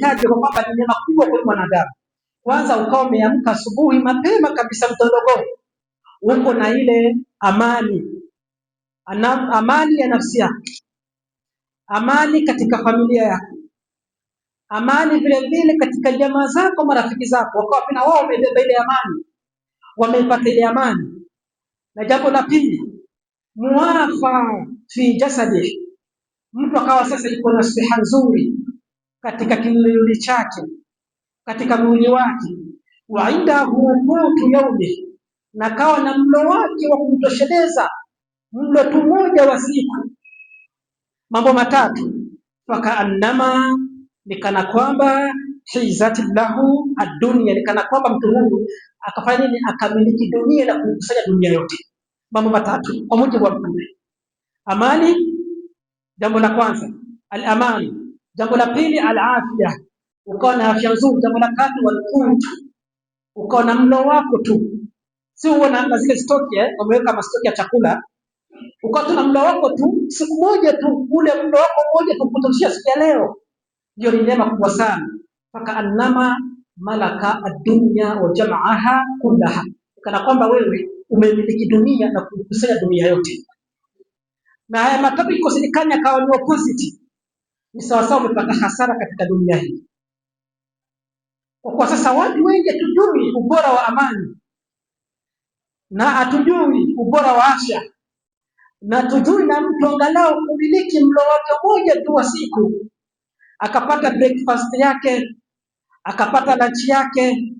kwa kwamba ni neema kubwa kwa mwanadamu. Kwanza ukawa umeamka asubuhi mapema kabisa, mtondogoo, uko na ile amani, ana, amani ya nafsi yako, amani katika familia yako, amani vile vile katika jamaa zako, marafiki zako, wakawa pia wao wamebeba ile amani, wamepata ile amani. Na jambo la pili, muafa fi jasadi, mtu akawa sasa yuko na siha nzuri katika kilindi chake, katika mwili wake, wa indahu qutu yaumi, na kawa na mlo wake wa kumtosheleza, mlo tu moja wa siku. Mambo matatu, fakaannama, nikana kwamba hizati lahu adunia, nikana kwamba mtu huyu akafanya nini? Akamiliki dunia na kukusanya dunia yote. Mambo matatu kwa mujibu wa Mtume, amani. Jambo la kwanza al-amani Jambo la pili, alafya, ukawa na afya nzuri. Jambo la tatu, walqut, ukawa na mlo wako tu, si uwe na zile stoki eh, umeweka mastoki ya chakula, ukawa tu na mlo wako tu, siku moja tu ule mlo wako moja tu kutoshia siku ya leo, ndio ni neema kubwa sana. Faka annama malaka ad-dunya wa jamaaha kullaha, kana kwamba wewe umemiliki dunia na kukusanya dunia yote. Na haya matabiko iko serikali akawa ni opposite ni sawasawa umepata hasara katika dunia hii, kwa kuwa sasa watu wengi hatujui ubora wa amani na hatujui ubora wa afya na tujui na mtu angalau kumiliki mlo wake mmoja tu wa siku, akapata breakfast yake, akapata lunch yake,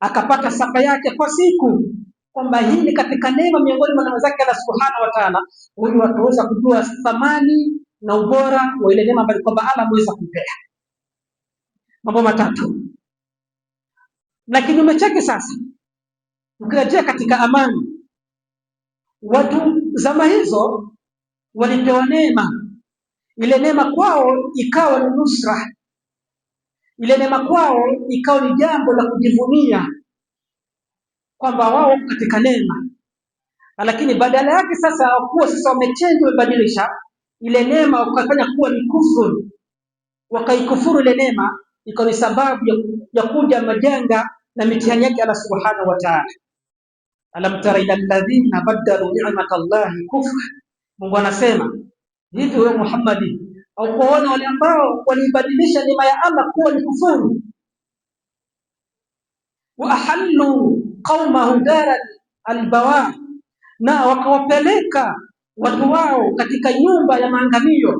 akapata sapa yake kwa siku, kwamba hii ni katika neema miongoni mwa neema zake Allah subhanahu wa taala. Huyu wataweza kujua thamani na ubora wa ile neema ambayo kwamba Allah ameweza kumpea. Mambo matatu. Na kinyume chake sasa, ukirejea katika amani, watu zama hizo walipewa neema, ile neema kwao ikawa ni nusra, ile neema kwao ikawa ni jambo la kujivunia kwamba wao katika neema, lakini badala yake sasa wakuwa sasa wamechenjwa wamebadilisha ile neema wakafanya kuwa ni kufuru, wakaikufuru ile neema, iko ni sababu ya kuja majanga na mitihani yake Allah subhanahu wa ta'ala. Alam tara ila alladhina badalu ni'mata Allahi kufra, Mungu anasema hivi, wewe Muhammadi, au kuona wale ambao waliibadilisha neema ya Allah kuwa ni kufuru wa ahallu qaumahum dara albawa, na wakawapeleka watu wao katika nyumba ya maangamio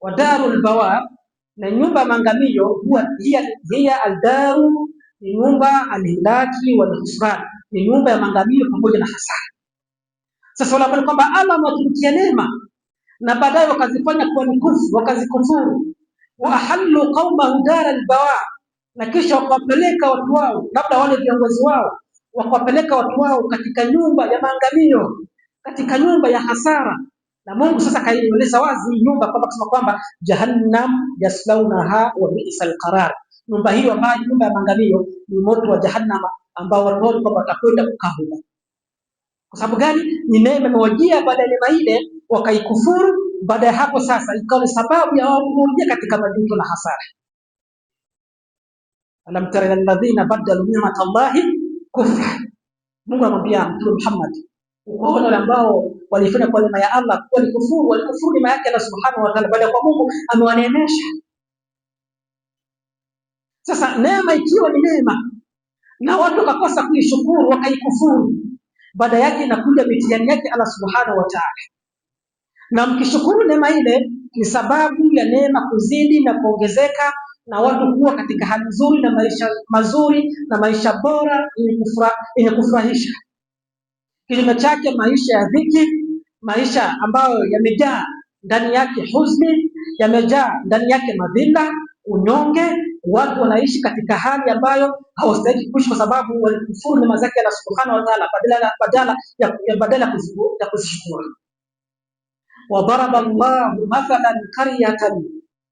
wa darul bawa, na nyumba ya maangamio huwa hiya hiya aldaru, ni nyumba alhilaki walhusran, ni nyumba ya maangamio pamoja na hasara. Sasa wala walaani kwamba Allah amewatumikia neema na baadaye wakazifanya kuwa ni kufuru, wakazikufuru. wa ahallu qaumahu daral albawa, na kisha wakawapeleka watu wao, labda wale viongozi wao wakawapeleka watu wao katika nyumba ya maangamio katika nyumba ya hasara. Na Mungu sasa kaieleza wazi nyumba kwamba kusema kwamba jahannam yaslaunaha wa bi'sal alqarar, nyumba hiyo ambayo nyumba ya maangamio ni moto wa jahannam ambao watu wote kwamba watakwenda kukaa huko. Kwa sababu gani? Ni neema imewajia baada ya neema ile wakaikufuru. Baada ya hapo sasa ikawa ni sababu ya wao kuingia katika majuto na hasara. Alam tara alladhina badalu Allahi kufra. Mungu anamwambia Mtume Muhammad ukoloni ambao walifanya kwa neema ya Allah, walikufuru, walikufuru neema yake Allah subhanahu wa ta'ala, baada kwa Mungu amewaneemesha. Sasa neema ikiwa ni neema na watu wakakosa kuishukuru, wakaikufuru, baada yake inakuja mitihani yake Allah subhanahu wa ta'ala. Na mkishukuru neema ile, ni sababu ya neema kuzidi na kuongezeka na watu kuwa katika hali nzuri na maisha mazuri na maisha bora yenye kufurahisha. Kinyume chake, maisha ya dhiki, maisha ambayo yamejaa ndani yake huzuni, yamejaa ndani yake madhila, unyonge. Watu wanaishi katika hali ambayo hawastahili kuishi, kwa sababu walikufuru neema zake Allah subhanahu wa ta'ala, badala ya badala ya kuzishukuru. Wadaraba Allahu mathalan qaryatan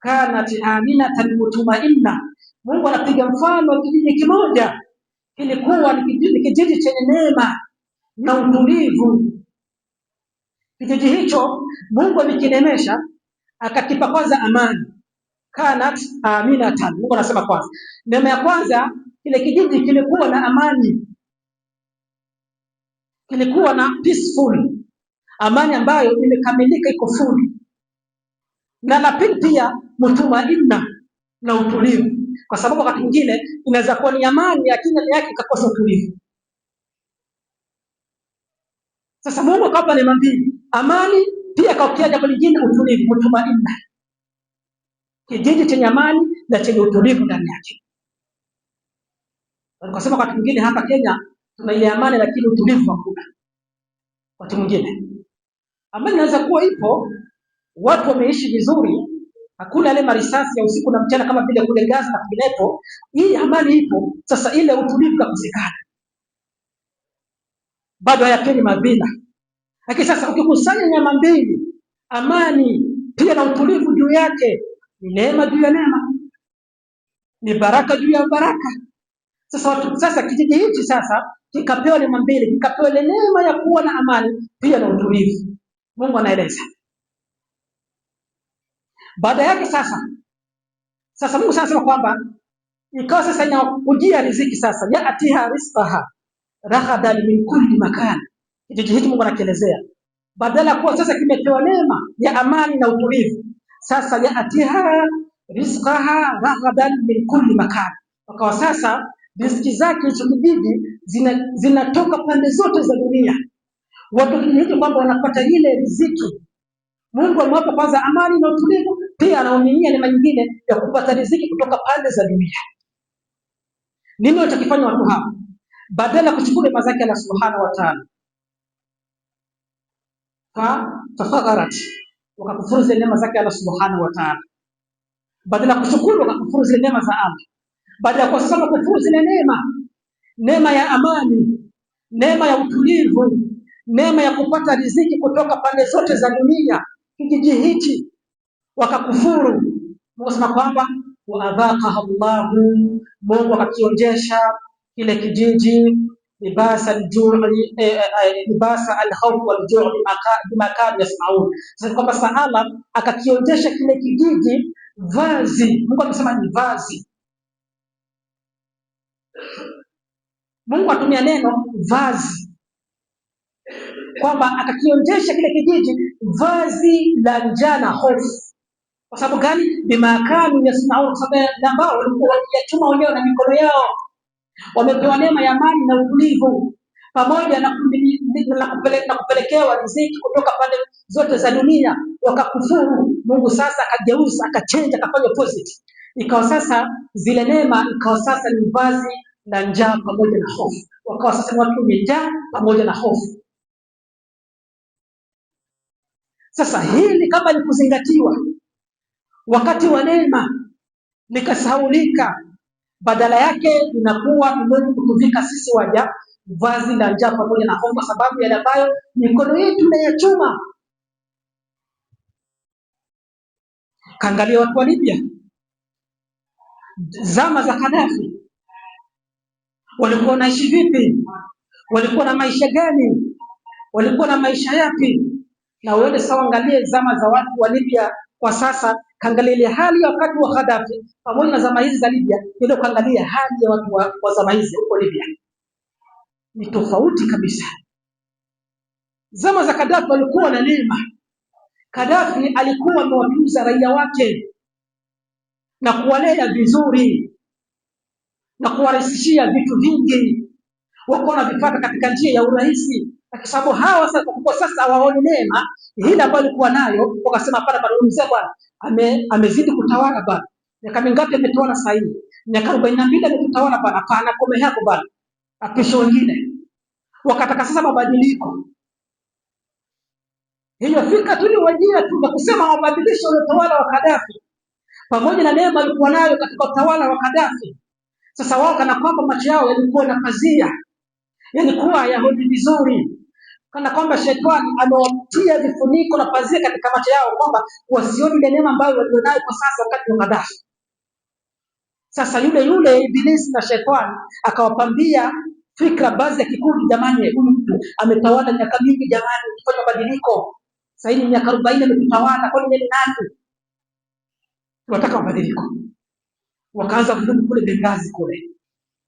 kanat aminatan mutmainna, Mungu anapiga mfano kijiji kimoja, kilikuwa ni kijiji chenye neema na utulivu. Kijiji hicho Mungu amekinemesha akakipa kwanza amani, kanat aminatan. Mungu anasema kwanza, neema ya kwanza, kile kijiji kilikuwa na amani, kilikuwa na peaceful, amani ambayo imekamilika, iko full na pili pia mutumaina na utulivu, kwa sababu wakati mwingine inaweza kuwa ni amani lakini ndani yake ikakosa utulivu. Sasa Mungu akawapa neema mbili, amani, pia akawapea jambo lingine, utulivu, mtumaini. Kijiji chenye amani na chenye utulivu ndani yake. Nikasema wakati mwingine hapa Kenya tuna ile amani lakini utulivu hakuna. Wakati mwingine amani inaweza kuwa ipo, watu wameishi vizuri, hakuna ile marisasi ya usiku na mchana kama vile kule Gaza na kwingineko. Hii amani ipo, sasa ile utulivu kakosekana bado hayapeni madhina. Lakini sasa ukikusanya nyama mbili, amani pia na utulivu juu yake, ni neema juu ya neema, ni baraka juu ya baraka. Sasa watu, sasa kijiji hichi sasa kikapewa nyama mbili, kikapewa ile neema ya kuwa na amani pia na utulivu. Mungu anaeleza baada yake sasa sasa Mungu sasa anasema kwamba ikawa sasa inakujia riziki sasa, ya atiha rizqaha raghdan min kulli makan. Kijiji hicho Mungu anakielezea, badala ya kuwa sasa kimepewa neema ya amani na utulivu, sasa yaatiha rizqaha raghadan min kulli makan, wakawa sasa riziki zake hizo kijiji zinatoka zina pande zote za dunia, watu kijiji kwamba wanapata ile riziki. Mungu amewapa kwanza amani na utulivu, pia anaominia neema nyingine ya kupata riziki kutoka pande za dunia. Nini watakifanya watu hapa? badala ya kushukuru neema zake Allah subhanahu wa ta'ala, fatafagharat, wakakufuru zile neema zake Allah subhanahu wa ta'ala. Badala ya kushukuru wakakufuru zile neema za Allah, badala ya kuwasema kufuru zile neema, neema ya amani, neema ya utulivu, neema ya kupata riziki kutoka pande zote za dunia, kijiji hichi wakakufuru, wakasema kwamba waadhaqaha Allahu, Mungu akakionjesha kile kijiji libasa alkhawf waljuu bima kanu yasmaun. Sasa kwamba Saala akakionyesha kile kijiji vazi, Mungu amesema ni vazi. Mungu atumia neno vazi, kwamba akakionyesha kile kijiji vazi la njaa na hofu. Kwa sababu gani? bimakanu kanu yasmaun, kwa sababu ambao walikuwa wakiyachuma wenyewe na mikono yao wamepewa neema ya amani na utulivu pamoja na, na kupelekewa riziki kutoka pande zote za dunia, wakakufuru. Mungu sasa akageuza, akachenja, akafanya positive, ikawa sasa zile neema ikawa sasa ni vazi la njaa pamoja na hofu, wakawa sasa ni watu wenye njaa pamoja na hofu. Sasa hili kama likuzingatiwa wakati wa neema likasahaulika badala yake inakuwa imeweza kutuvika sisi waja vazi la njaa pamoja na hofu, kwa sababu yale ambayo mikono yetu tumeyachuma. Kaangalia watu wa Libya zama za Kadafi, walikuwa wanaishi vipi? Walikuwa na maisha gani? Walikuwa na maisha yapi? Na uende sawa, angalie zama za watu wa Libya kwa sasa Kaangalia hali ya wakati wa Gaddafi pamoja na zama hizi za Libya, ndio kaangalia hali ya watu wa, wa zama hizi huko Libya ni tofauti kabisa. Zama za Gaddafi walikuwa na neema. Gaddafi alikuwa amewatunza raia wake na kuwalea vizuri na kuwarahisishia vitu vingi, wako na vipata katika njia ya urahisi, kwa sababu hawa sasa, kwa sasa hawaoni neema ile ambayo alikuwa nayo, wakasema hapana, bado bwana ame, amezidi kutawala bana. Miaka mingapi ametawala sasa hivi? Miaka arobaini na mbili ametutawala bana. Hapana, kome hapo bana, apisha wengine. Wakataka sasa mabadiliko. Hiyo fika tu ni wajia tu na kusema wabadilishe ule utawala wa Kadafi pamoja na neema alikuwa nayo katika utawala wa Kadafi. Sasa wao kana kwamba macho yao yalikuwa na pazia, yalikuwa yahoji vizuri Kana kwamba shetani amewatia vifuniko na pazia katika macho yao kwamba wasioni ile neema ambayo walionayo kwa sasa wakati wa Gaddafi. Sasa yule yule Ibilisi na shetani akawapambia fikra baadhi ya kikundi, jamani, huyu mtu ametawala miaka mingi, jamani, ukifanya mabadiliko sasa hivi miaka 40 ametawala, kwa nini nani? Tunataka mabadiliko. Wakaanza kudumu kule Bengazi kule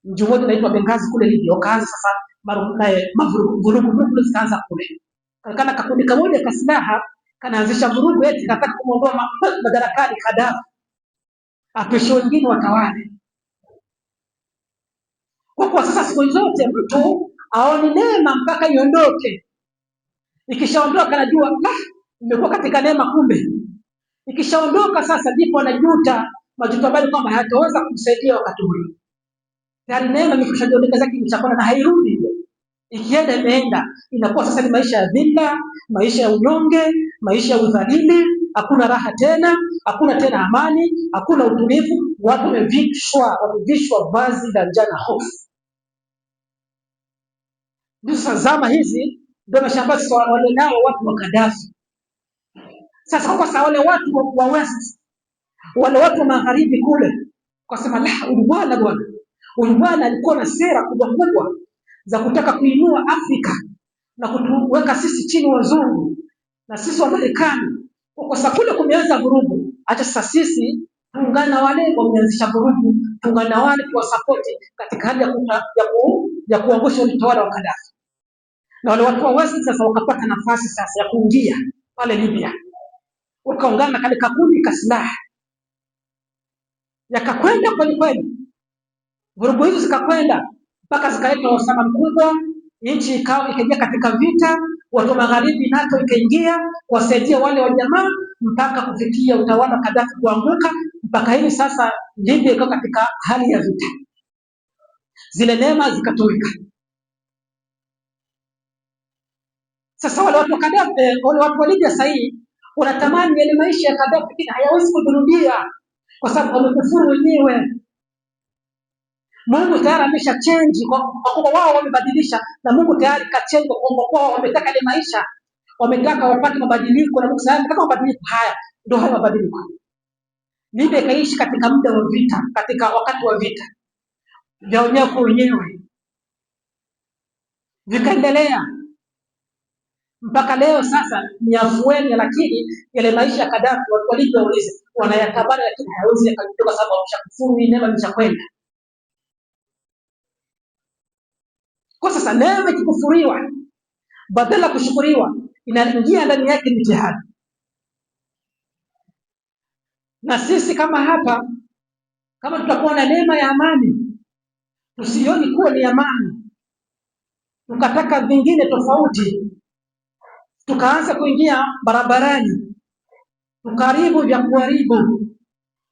mji mmoja unaitwa Bengazi kule Libya, wakaanza sasa eh, vurugu zikaanza kule, kana kakundi kamoja ka silaha kanaanzisha vurugu, eti kataka kumwondoa madarakani Kadhafi, apishe wengine watawale. Kwa kuwa sasa siku zote mtu aoni neema mpaka iondoke, ikishaondoka najua ah, nimekuwa katika neema, kumbe ikishaondoka sasa ndipo anajuta majuto ambayo kwamba hayataweza kumsaidia wakati huyo na neno likishajiondoka zake mchakona na hairudi, ikienda imeenda, inakuwa sasa ni maisha ya dhila, maisha ya unyonge, maisha ya udhalili. Hakuna raha tena, hakuna tena amani, hakuna utulivu. Watu wamevishwa wamevishwa vazi la njaa na hofu. Ndio sasa zama hizi ndio mashambasi wale nao watu wa Kadafi. Sasa kwa sababu wale watu wa West, wale watu wa magharibi kule, kwa sema la udwala bwana Urbana alikuwa na sera kubwa kubwa za kutaka kuinua Afrika na kutuweka sisi chini wazungu na sisi Wamarekani. Kukosa kule kumeanza vurugu. acha sasa sisi tuungana wale wameanzisha vurugu, tuungana wale tuwasapoti katika hali ya, ya kuangusha utawala wa Kadhafi, na wale watu wa West sasa wakapata nafasi sasa ya kuingia pale Libya, wakaungana kale kakundi ka silaha yakakwenda kweli kweli Vurugu hizo zikakwenda mpaka zikaleta uhasama mkubwa, nchi ikawa ikaingia katika vita, watu wa magharibi, NATO ikaingia kuwasaidia wale wa jamaa mpaka kufikia utawala Kadhafi kuanguka. Mpaka hivi sasa Libya ikawa katika hali ya vita, zile neema zikatoweka. Sasa wale watu wa Kadhafi, eh, wale watu wa Libya sasa hii wanatamani yale maisha ya Kadhafi, lakini hayawezi kudurudia kwa sababu wamekufuru wenyewe. Mungu tayari amesha change kwa kuwa wao wamebadilisha, na Mungu tayari ka change kwa wao wametaka ile maisha, wametaka wapate mabadiliko, na Mungu sasa anataka mabadiliko haya, ndio haya mabadiliko. Libya ikaishi katika muda wa vita, katika wakati wa vita vya wenyewe kwa wenyewe, vikaendelea mpaka leo. Sasa ni afueni, lakini yale maisha ya Kadafi walivyouliza wanayatabana, lakini hayawezi yakatoka, sababu wameshakufuru, neema imeshakwenda Kwa sasa neema ikikufuriwa badala kushukuriwa, inaingia ndani yake mtihani. Na sisi kama hapa, kama tutakuwa na neema ya amani, tusioni kuwa ni amani, tukataka vingine tofauti, tukaanza kuingia barabarani, tukaribu vya kuharibu,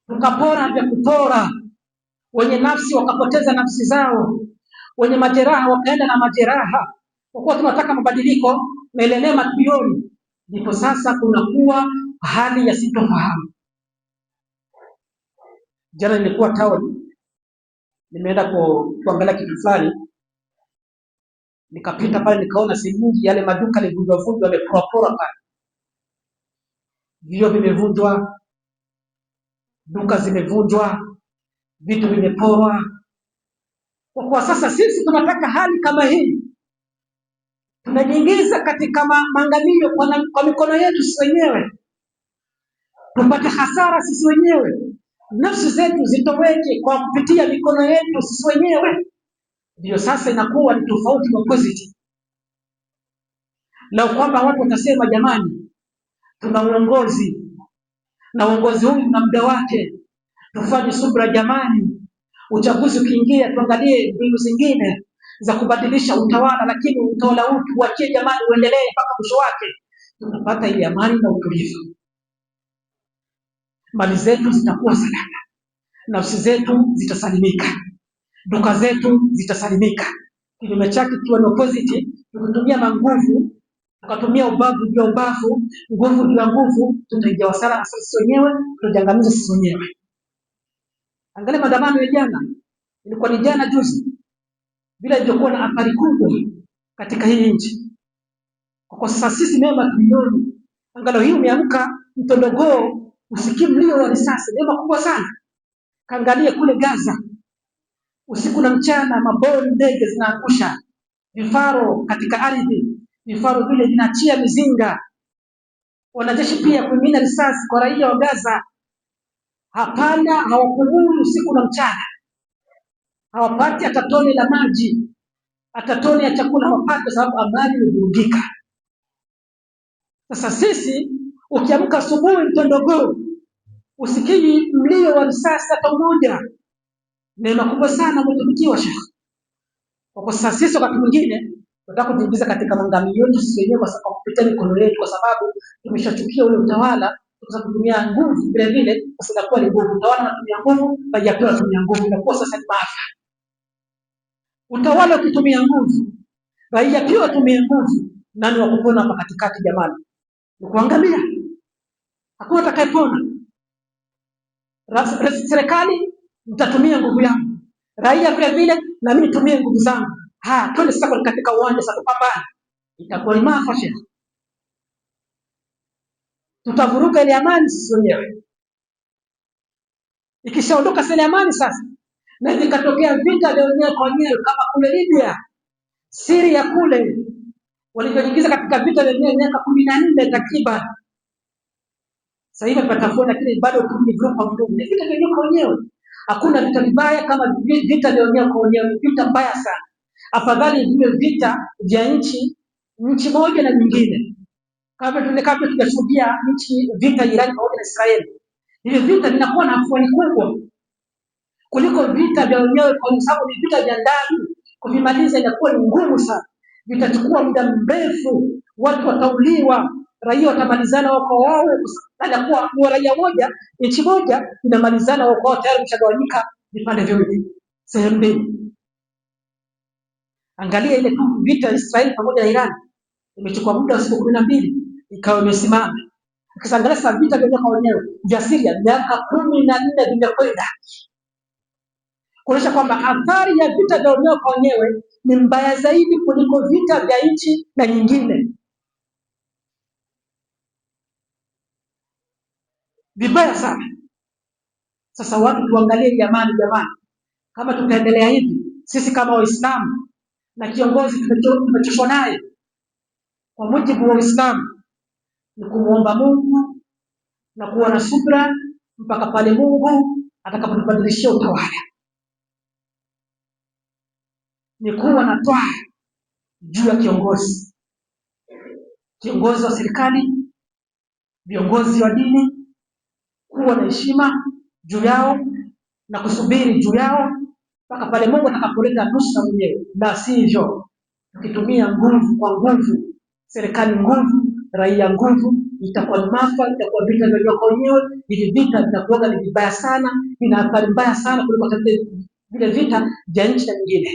tukapora vya kupora, wenye nafsi wakapoteza nafsi zao wenye majeraha wakaenda na majeraha, kwa kuwa tunataka mabadiliko melelema tuyoni. Ndipo sasa kunakuwa hali ya sitofahamu. Jana nilikuwa town, nimeenda kuangalia kitu fulani, nikapita pale, nikaona sehemu nyingi yale maduka yalivunjwa yameporapora pale, vioo vimevunjwa, duka zimevunjwa, vitu vimeporwa kwa kuwa sasa sisi tunataka hali kama hii, tunajiingiza katika maangamio kwa, kwa mikono yetu sisi wenyewe, tupate hasara sisi wenyewe, nafsi zetu zitoweke kwa kupitia mikono yetu sisi wenyewe, ndiyo sasa inakuwa ni tofauti na positive na kwamba watu watasema jamani, tuna uongozi na uongozi huu na muda wake, tufanye subra jamani Uchaguzi ukiingia, tuangalie mbinu zingine za kubadilisha utawala, lakini utawala huu tuachie jamani, uendelee mpaka mwisho wake, tunapata ile amani na utulivu, mali zetu zitakuwa salama, nafsi zetu zitasalimika, duka zetu zitasalimika. Kinyume chake, kiwa ni opposite, tukitumia manguvu tukatumia ubavu juu ya ubavu, nguvu juu ya nguvu, tutaingia sisi wenyewe, tutajangamiza sisi wenyewe. Angalia maandamano ya jana, ilikuwa ni jana juzi, bila ilivyokuwa na athari kubwa katika hii nchi. Kwa sasa sisi mema tuliona, angalau hii umeamka mtondogoo, usikie mlio wa risasi, mema kubwa sana. Kaangalie kule Gaza, usiku na mchana, mabomu ndege zinaangusha vifaro katika ardhi, vifaro vile vinachia mizinga. Wanajeshi pia kumimina risasi kwa raia wa Gaza. Hapana, hawakuhuru usiku na mchana, hawapati hata tone la maji, hata tone ya chakula hawapati, kwa sababu amani imevurugika. Sasa sisi, ukiamka asubuhi mtondogoo, usikii mlio wa risasi hata moja, neema kubwa sana umetumikiwa Sheikh. Kwa sasa sisi wakati mwingine tunataka kujiingiza katika mangamio yetu sisi wenyewe kwa sababu kupitia mikono yetu, kwa sababu tumeshachukia ule utawala za kutumia nguvu vile vile, sasa itakuwa ni nguvu. Utawala unatumia nguvu, raia pia unatumia nguvu, itakuwa sasa ni maafa. Utawala ukitumia nguvu, raia pia watumie nguvu, nani wa kupona hapa katikati? Jamani, ni kuangamia, hakuna atakayepona. Serikali mtatumia nguvu yangu, raia vile vile, na mimi nitumie nguvu zangu. Ha, Twende sasa katika uwanja sasa, tupambane, itakuwa ni maafa shekhi tutavuruga ile amani sisi wenyewe. Ikishaondoka sile amani sasa, na vikatokea vita vya wenyewe kwa wenyewe, kama kule Libya, Siria kule walivyoingiza katika vita vya wenyewe miaka kumi na nne takriban. Sasa hivi tunatafuta, lakini bado ni vita vya wenyewe kwa wenyewe. Hakuna vita vibaya kama vita vya wenyewe kwa wenyewe, vita mbaya sana. Afadhali vile vita vya nchi nchi moja na nyingine kabla kabla tujashuhudia nchi vita jirani pamoja na Israeli, hivi vita vinakuwa na afuani kubwa kuliko vita vya wenyewe, kwa sababu ni vita vya ndani. Kuvimaliza inakuwa ni ngumu sana, vitachukua muda mrefu, watu watauliwa, raia watamalizana wao kwa wao, anakuwa ni raia moja, nchi moja inamalizana wao kwa tayari, mchagawanyika vipande viwili, sehemu mbili. Angalia ile vita ya Israeli pamoja na Iran imechukua muda wa siku kumi na mbili ikawa imesimama. Ukiangalia sasa vita vya mwaka wenyewe vya Syria miaka kumi na nne vimekwenda kuonyesha kwamba athari ya vita vya kwa wenyewe ni mbaya zaidi kuliko vita vya nchi na nyingine. Vibaya sana. Sasa watu tuangalie, jamani, jamani, kama tutaendelea hivi sisi kama Waislamu na kiongozi tumechoshwa naye kwa mujibu wa Uislamu ni kumwomba Mungu na kuwa na subra mpaka pale Mungu atakapotubadilishia utawala, ni kuwa na twaa juu ya kiongozi, kiongozi wa serikali, viongozi wa dini, kuwa na heshima juu yao na kusubiri juu yao mpaka pale Mungu atakapoleta nusra mwenyewe, si hivyo, tukitumia nguvu kwa nguvu, serikali nguvu raia nguvu, itakuwa mafa itakuwa vita vya kwa wenyewe. Hivi vita vitakuwa ni vibaya sana, vina athari mbaya sana kuliko hata vile vita vya nchi na nyingine.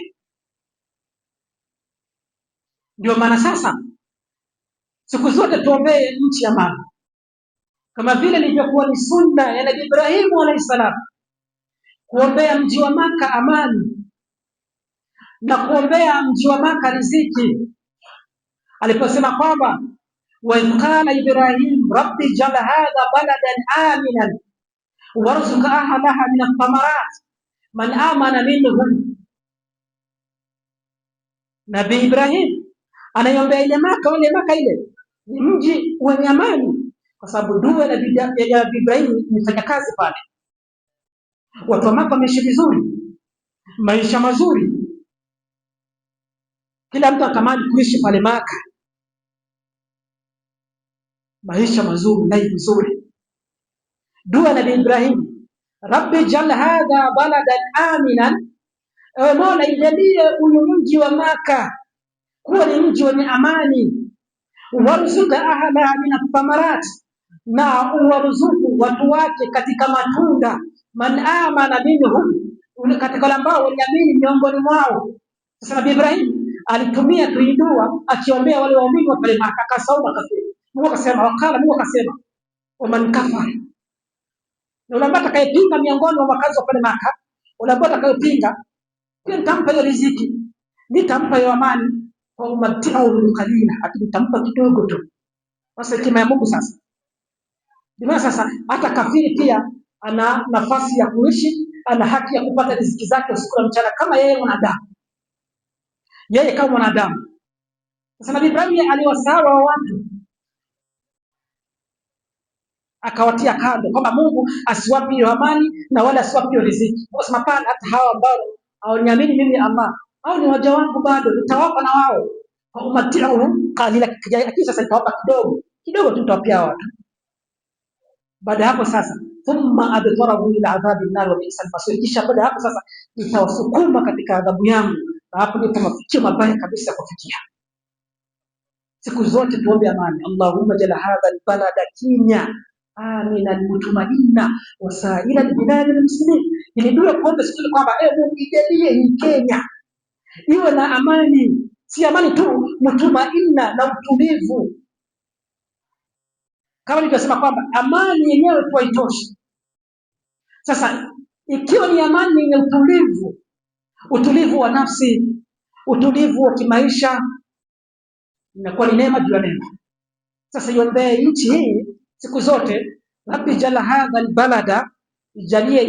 Ndio maana sasa siku zote tuombee nchi mama, kama vile ilivyokuwa ni sunna ya Nabii Ibrahimu alayhi salam kuombea mji wa Maka amani na kuombea mji wa Maka riziki aliposema kwamba wa qala Ibrahim rabbi jal hadha baladan aminan warzuq ahalaha min athamarat man amana minhum. Ibrahim anaiombea ile Maka, ile Maka ile ni mji wenye amani, kwa sababu dua ya Nabii Ibrahim imefanya kazi pale. Watu wa Maka wameishi vizuri, maisha mazuri, kila mtu akamani kuishi pale Maka maisha mazuri, life nzuri. Dua Nabii Ibrahim, rabbi jal hadha baladan aminan, ewe Mola ijalie huyu mji wa Maka kuwa ni mji wenye amani. Warzuka ahla min athamarat, na uwaruzuku watu wake katika matunda. Man amana minhum, katika wale ambao waliamini miongoni mwao. Sasa Nabii Ibrahim alitumia tuidua akiombea wale waumini wa pale Maka, akasauma kafiri Mungu akasema, wakala Mungu akasema, waman kafara, na unaambia atakayepinga miongoni mwa wakazi wa pale Maka, unaambia atakayepinga pia nitampa hiyo riziki, nitampa hiyo amani, kwa umatiau kalila, nitampa kidogo tu. Sasa hekima ya Mungu sasa Ndiyo sasa hata kafiri pia ana nafasi ya kuishi, ana haki ya kupata riziki zake usiku na mchana kama yeye mwanadamu. Yeye kama mwanadamu. Sasa Nabii Ibrahim aliwasawa watu akawatia kando, kwamba Mungu asiwape hiyo amani na wala asiwape hiyo riziki. Akasema pana hata hawa ambao hawaniamini mimi, ama hao ni waja wangu, bado nitawapa na wao kwa umatia huu kalila qalila, lakini sasa nitawapa kidogo kidogo tu, nitawapia watu. Baada hapo sasa thumma adtarahu ila adhabi nar wa bi'sal masir, kisha baada hapo sasa nitawasukuma katika adhabu yangu, na hapo ndipo mafikio mabaya kabisa kufikia. Siku zote tuombe amani. Allahumma jala hadha albalada kinya amina likutumanina wasaila bibinani lmuslimin. Nilibiwa kuombe siku ile kwamba e, Mungu ijalie Kenya iwe na amani, si amani tu, mutuma inna na utulivu. Kama nilivyosema kwamba amani yenyewe tu haitoshi. Sasa ikiwa ni amani yenye utulivu, utulivu wa nafsi, utulivu wa kimaisha, inakuwa ni neema juu ya neema. Sasa iombee nchi hii siku zote. Rabbi jala hadha albalada, ijalie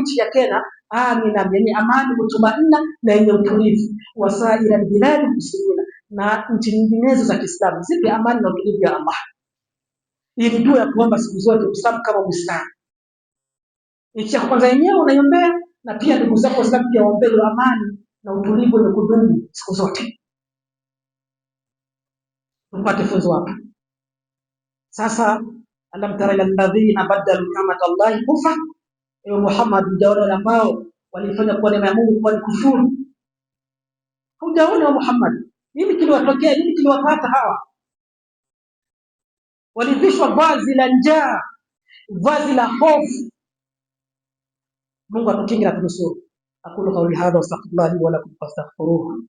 nchi ya Kenya amina, yenye amani mutumaina na yenye utulivu, wasaira biladi muslimina, na nchi nyinginezo za Kiislamu zipe amani na utulivu ya Allah. Hii ni dua ya kuomba siku zote Muislamu kama Muislamu. Nchi ya kwanza yenyewe unaiombea na pia ndugu zako Waislamu pia waombee amani na utulivu na kudumu siku zote. Tupate funzo hapa. Sasa alam tara ila alladhina badalu ni'mata Allahi kufa, ewe Muhammad, hujaona wale ambao walifanya kuwa neema ya Mungu kuwa ni kufuru? Hujaona wa Muhammad, nini kiliwatokea? Nini kiliwapata hawa? Walivishwa vazi la njaa, vazi la hofu. Mungu atukinge na tunusuru. Aqulu qawli hadha wa wa lakum fastaghfiruhu.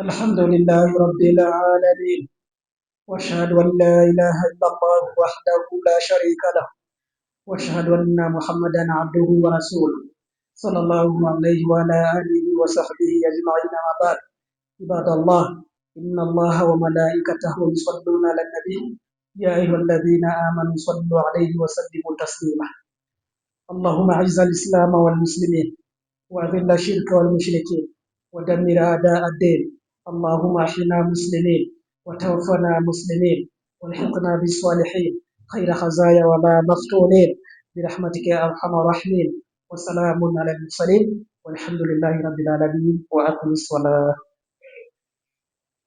الحمد لله رب العالمين واشهد ان لا اله الا الله وحده لا شريك له واشهد ان محمدا عبده ورسوله صلى الله عليه وعلى اله وصحبه اجمعين اما بعد عباد الله ان الله وملائكته يصلون على النبي يا ايها الذين امنوا صلوا عليه وسلموا تسليما اللهم اعز الاسلام والمسلمين واذل الشرك والمشركين ودمر اعداء الدين اللهم احينا مسلمين وتوفنا مسلمين والحقنا بالصالحين خير خزايا ولا مفتونين برحمتك يا ارحم الراحمين وسلام على المرسلين والحمد لله رب العالمين واقم الصلاه